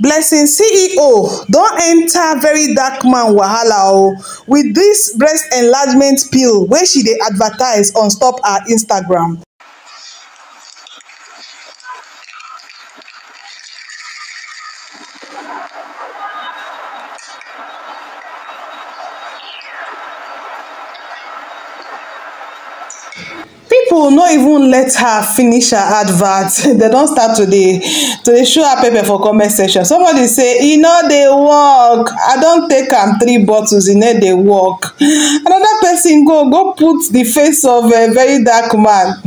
blessing ceo don enter very dark man wahala o with this breast enlargement pill wey she dey advertise on top her instagram people no even let her finish her advert They don start to dey to dey show her pepper for comment section somebody say e no dey work i don take am three bottles e no dey work another person go go put the face of a very dark man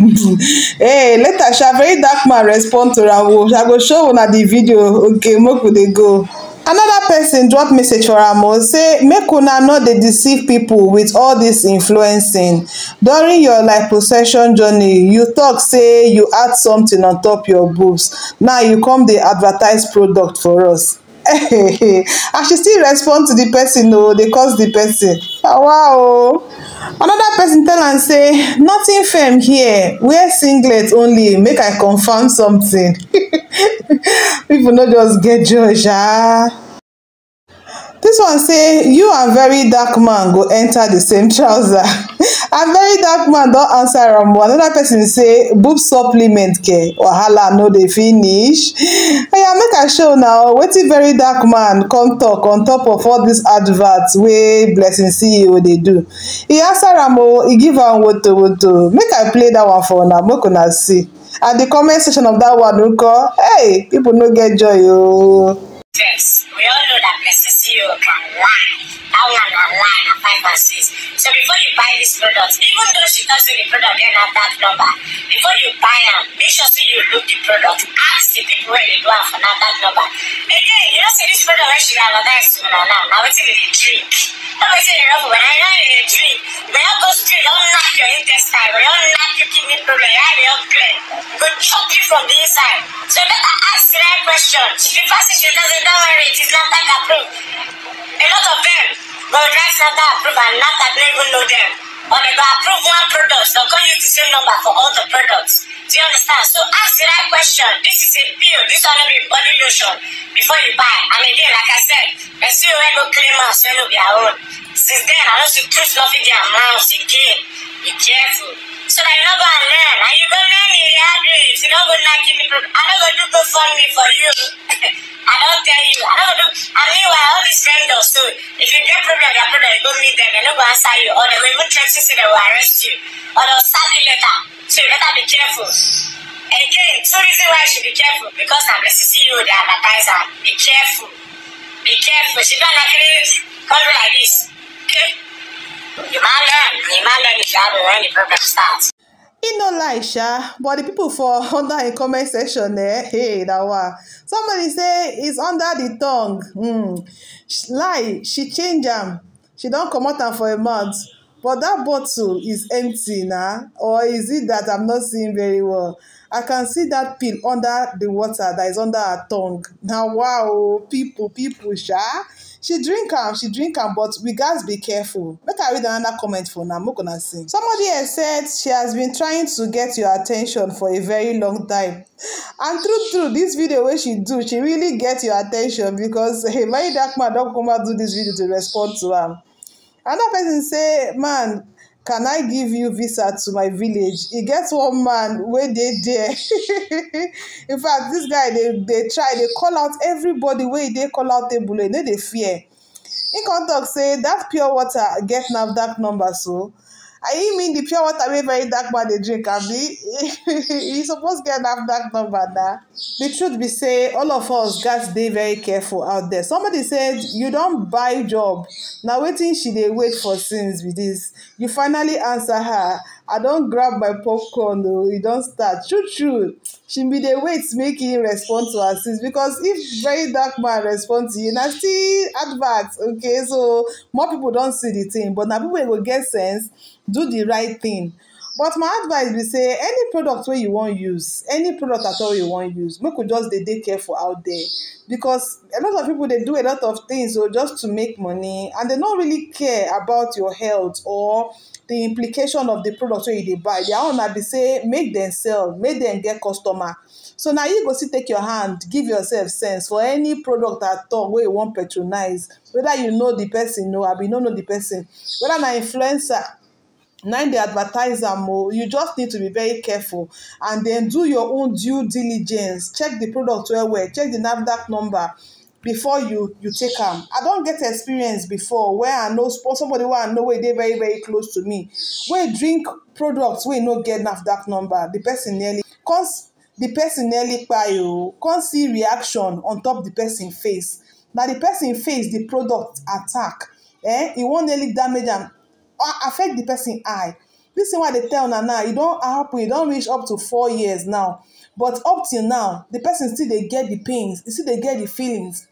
hey later sha very dark man respond to am o i go show una the video okay make we dey go another person drop message for am say make una no dey deceive people with all this influencing during your liposuction journey you talk say you add something on top your boobs now you come dey advertise product for us I she still respond to the person o they curse the person awa ah, o another person tell and say nothing firm here wear singlet only make i confirm something people not just get Georgia. this one say you are very dark man go enter the same trouser abeg dat man don't answer am another person say boob supplement care wahala no they finish I make a show now wetin very dark man come talk on top of all these adverts. Way blessing ceo they do He answer am o e give am what to. make i play that one for now. make una see and the comment section of that one nko hey people no get joy ooo. five and six. So before you buy this product, even though she tells you the product doesn't have that number, before you buy am, make sure say you look the product, ask the people where they do am for now that number. Again, you don't say this product wey she dey advertise to una now, na wetin dey drink. No be say you no go when I know you drink, when I go straight, Don't knock your intestine, when don knack your kidney problem, your eye don clear, go chop you from the inside. So better ask the right question. She be fast she doesn't, don't worry, it is not like approved. A lot of them But right approval, not that they even know them. Or they go approve one product, they'll call you the same number for all the products. Do you understand? So ask the right question. This is a pill, this one will be body lotion before you buy. And again, like I said, let's see you no claimers, when no be our own. Since then, I don't see truth, nothing their mouths again. Be careful. So that you not go and learn. And you go learn in the hard ways. You don't go like me. I don't go do go fund me for you. I don't tell you. I don't go do. And meanwhile, all these vendors So If you get problem with your product, go meet them. They don't go answer you. Or they will even threaten you, so they will arrest you. Or they'll send you later. So you better be careful. Again, two reasons why you should be careful. Because I'm the CEO, the advertiser. Be careful. Be careful. She don't like it. Come like this. Okay? You might You might learn if you have a learning program start. e no like sha but the people for under im comment section eh hey that one somebody say he's under the tongue hmm lie she change am she don comot am for a month but that bottle is empty na or is it that i'm not seeing very well i can see that pill under the water that is under her tongue na wow People, people, sha she drink am she drink am but we gatz be careful make i read another comment for una make una see somebody else said she has been trying to get your at ten tion for a very long time and true true this video wey she do she really get your at ten tion because hey many dark man don come out do this video to respond to am another person say man can i give you visa to my village He gets one man wey they there in fact this guy they they try they call out everybody where they e call out the e no dey fear In come say that pure water get nafdac number so I mean the pure water wey very dark man dey drink abi you suppose get that dark number na. the truth be say all of us gats dey very careful out there somebody said you don buy job na wetin she dey wait for since be this you finally answer her i don't grab my popcorn oh, don't start true true she be the wait make making respond to her sis because if very dark man respond to you na see advert okay so more people don't see the thing but now people will get sense do the right thing but my advice be say any product where you won't use any product at all you won't use make could just they, care careful out there because a lot of people they do a lot of things or oh, just to make money and do not really care about your health or the implication of the product where you dey buy their own na be say make them sell make them get customer so now you go see, take your hand give yourself sense for any product at all where you wan patronize whether you know the person no, I be no know the person whether an influencer Now the advertiser more. you just need to be very careful and then do your own due diligence check the product well well check the NAVDAC number before you you take am i don get experience before where i know somebody wey i know wey e dey very very close to me wey drink product wey e no get nafdac number the person nearly come the person nearly kpai o come see reaction on top the person face na the person face the product attack eh e wan nearly damage am affect the person eye this thing wey i dey tell una now e don happen e don reach up to four years now but up till now the person still dey get the pains e still dey get the feelings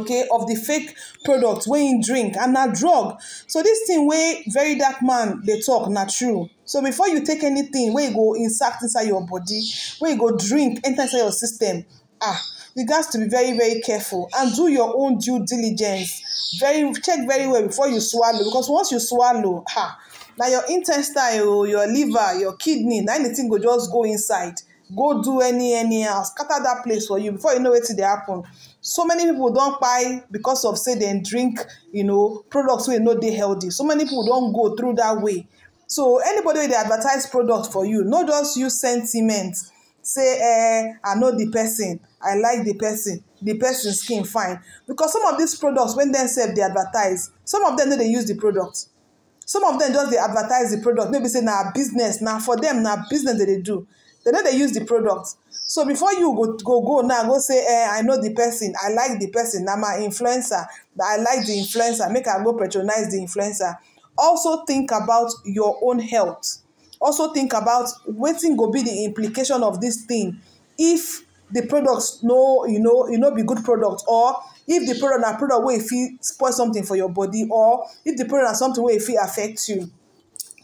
okay of the fake product wey im drink and na drug so this thing wey very dark man dey talk na true so before you take anything wey go insert inside your body wey go drink enter inside your system ah you gats to be very very careful and do your own due diligence very check very well before you swallow because once you swallow ah na your intestine o oh, your liver your kidney na anything go just go inside go do any any else. scatter that place for you before you know it, they happen so many people don't buy because of say they drink you know products wey know they healthy so many people don't go through that way so anybody they advertise product for you not just use sentiment say eh i know the person i like the person the person skin fine because some of these products when they sef they advertise some of them no They use the product some of them just they advertise the product maybe say now business Now for them now business that they do they know they use the product. So before you go go go now, go say, eh, I know the person, I like the person, I'm an influencer, I like the influencer, make I go patronize the influencer. Also think about your own health. Also think about wetin will be the implication of this thing if the products no, you know, you know be good product or if the product na product if fit spoil something for your body or if the product na something if it affect you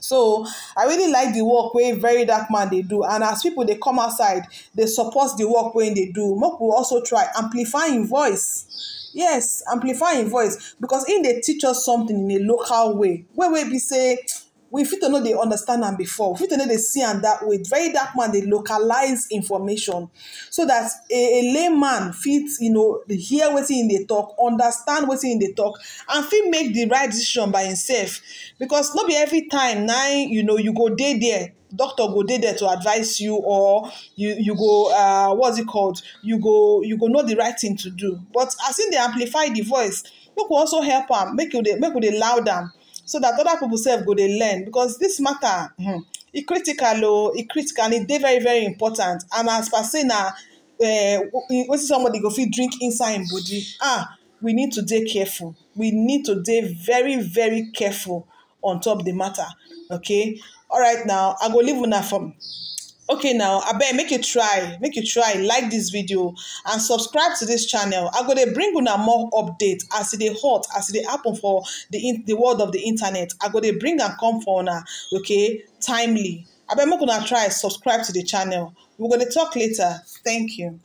so i really like the work Way very dark man they do and as people they come outside they support the work when they do Mok will also try amplifying voice yes amplifying voice because in they teach us something in a local way Where we be say we fit to know they understand and before we fit to know they see and that way very dark man they localize information so that a, a layman fits you know hear what's in the talk understand what's in the talk and fit make the right decision by himself because not be every time now you know you go dey there doctor go dey there to advise you or you you go uh, what's it called you go you go know the right thing to do but as in they amplify the voice look we also help them, make you the make you the loud so that other people sef go they learn because this matter hmm, e critical it critical and it very very important and as per say na uh, somebody go feel drink inside im body ah we need to be careful we need to be very very careful on top the matter okay all right now i go leave una from okay now abeg make you try make you try like this video and subscribe to this channel i go dey bring una more update as e dey hot as it dey happen for the world of the internet i go dey bring and come for una okay timely abeg make una try subscribe to the channel we gonna talk later thank you